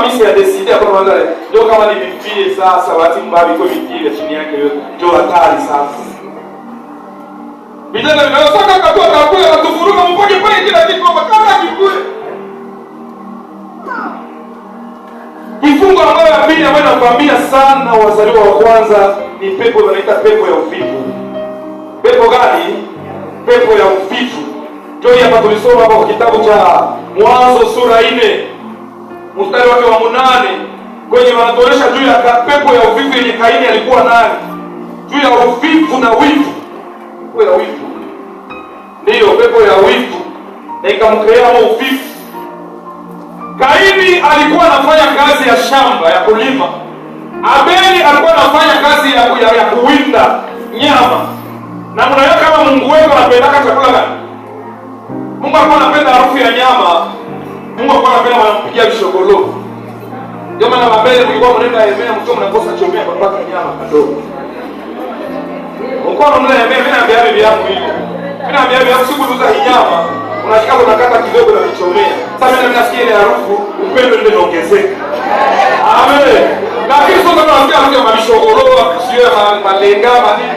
Hamisi yadesidi hapo mandale. Ndio kama ni vipile sasa wati mbaya kwa vipile chini yake yote. Ndio hatari sasa. Vijana vinasaka katua kakule watufuruka mpoke pale kila kitu kwa kama kikule. Kifungo ambayo ya pili ambayo nakwambia sana wazaliwa wa kwanza ni pepo inaita pepo ya ufifu. Pepo gani? Pepo ya uvivu. Ndio hapa tulisoma kwa kitabu cha Mwanzo sura 4 mstari wake wa munane kwenye wanatuonyesha juu ya kapepo ya uvivu yenye Kaini alikuwa nani juu ya uvivu na wivu. Pepo ya wivu ndiyo pepo ya wivu, na ikamkrea uvivu. Kaini alikuwa anafanya kazi ya shamba ya kulima, Abeli alikuwa anafanya kazi ya, ya, ya kuwinda nyama. Na mnaona kama Mungu wetu anapendaka chakula gani? Mungu alikuwa anapenda harufu ya nyama Mungu alikuwa anapenda wanampigia vishogoloo. Ndio maana mabele kulikuwa mnaenda Yemea mkiwa mnakosa chomea kwa paka nyama kadogo. Mkono mnaenda Yemea mimi naambia bibi yangu hivi. Mimi naambia bibi yangu siku tuza nyama. Unashika unakata kidogo na kuchomea. Sasa mimi nasikia ile harufu upendo ndio inaongezeka. Amen. Lakini sasa tunaambia mtu ana vishogoloo sio malenga mali.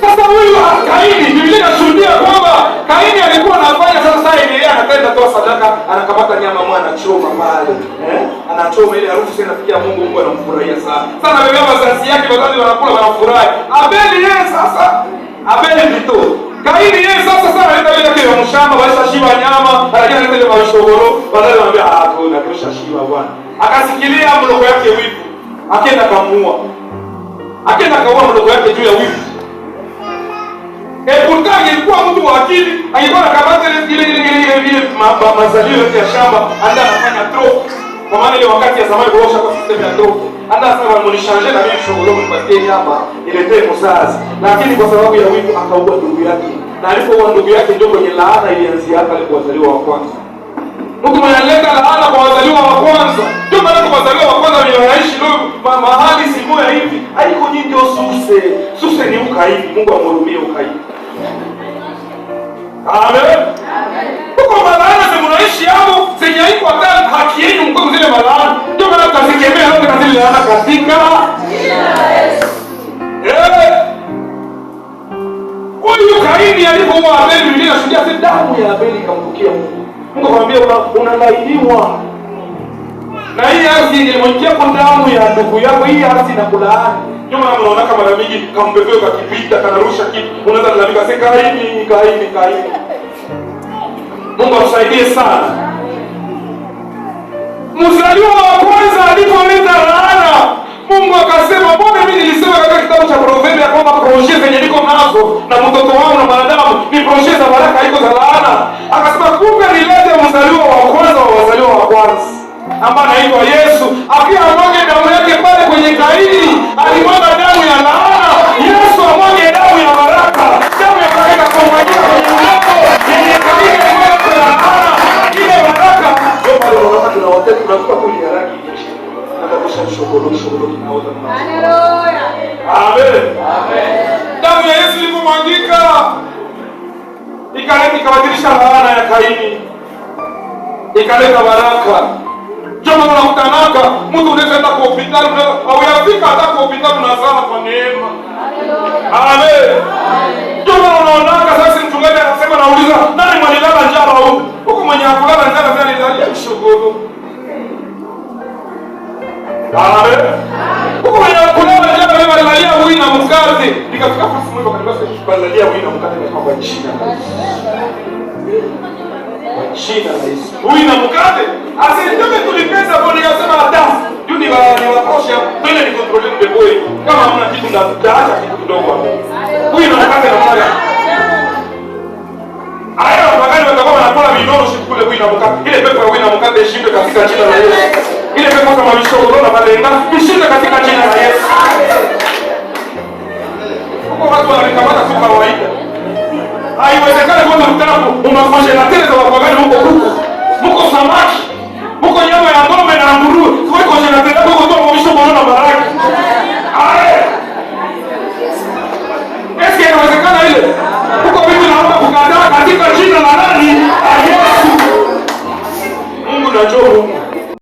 Sasa huyu Kaini, Biblia inashuhudia kwamba Kaini alikuwa inaendelea, anakwenda toa sadaka, anakamata nyama mwana anachoma pale eh, anachoma ile harufu sana pia Mungu. Mungu anamfurahia sana sana, wewe bebe sasa yake, wazazi wanakula wanafurahi. Abeli yeye sasa, Abeli mtu Kaini yeye sasa sana aleta ile kile mshamba, waisha shiba nyama, anajana ile ile mashogoro, wanaanza kumwambia ah, kuna kisha shiba bwana, akasikilia mloko yake wivu, akaenda kamua, akaenda kaua mloko yake juu ya wivu mfungo wa akili angekuwa anakamata ile ile ile ile ile mazalio ya shamba anda anafanya trop, kwa maana ile wakati ya zamani kuosha kwa system ya trop anda sasa wa wanamunishange na mimi shughuli yangu tena hapa ile iletee sasa lakini kwa sababu ya wivu akaua ndugu yake, na alipoua ndugu yake ndio kwenye laana ilianzia hapa alipozaliwa wa kwanza. Mungu analeta laana kwa wazaliwa wa kwanza, ndio maana kwa wazaliwa wa kwanza wenye wanaishi leo mahali ya hivi haiko nyingi. Oh, suse suse ni ukaibi, Mungu amhurumie ukaibi. Amen. Huko malaana mnaishi hapo zenye haiko hata haki yenu mko zile malaana. Ndio maana tunasikemea leo katika zile laana katika eh. Huyu Kaini alipoua Abeli, Biblia inashuhudia damu ya Abeli ikamkukia Mungu. Mungu akamwambia unalaaniwa na hii ardhi ilivyoingia kwa damu ya ndugu yako, hii ardhi inakulaani. Ndio maana unaonaka mara mingi kambebeo kakipita kanarusha kitu, unaweza kulalamika sasa, kaini kaini kaini. Mungu atusaidie sana. Mzaliwa wa kwanza alipoleta laana, Mungu akasema, mbona mimi nilisema katika kitabu cha Proverbs ya kwamba proje zenye niko nazo na mtoto wangu na mwanadamu ni proje ambaye anaitwa Yesu, akiwa amwage damu yake pale kwenye Kaini, alimwaga damu ya laana. Yesu amwage damu ya baraka, damu ya baraka kwa mwajia kwenye mlango yenye Kaini alimwaga ya laana, ile baraka ndio pale wanawake na watoto tunakuwa kuli ya rangi nyingi na kabisa mshokoro mshokoro kinaoza. Haleluya, amen, amen. Damu ya Yesu ilipomwagika ikaleta ikabadilisha laana ya Kaini ikaleta baraka kama unakutanaka mtu unaweza enda kwa hospitali au yafika hata kwa hospitali na sana kwa neema. Amen. Kama unaonaka sasa mchungaji anasema nauliza nani mwanilala njala huko? Huko mwenye akulala njala nani alilalia shogoro. Amen. Huko mwenye akulala njala nani alilalia huyu na mkate. Nikafika fasi mmoja kanilala sikalalia huyu na mkate kwa China. Kwa China na Yesu. Huyu na mkate. Asitoke tu Mimi ni control mbeboi. Kama hamna kitu na tutaacha kitu kidogo hapo. Huyu ndo kaza na mwana. Aya wakati watakuwa wanakula minono siku kule huyu inamoka. Ile pepo ya huyu inamoka ishinde katika jina la Yesu. Ile pepo kama mishoro na malenga ishinde katika jina la Yesu. Huko watu wanakamata kwa kawaida. Haiwezekani kwa mtaalamu umafanya na tena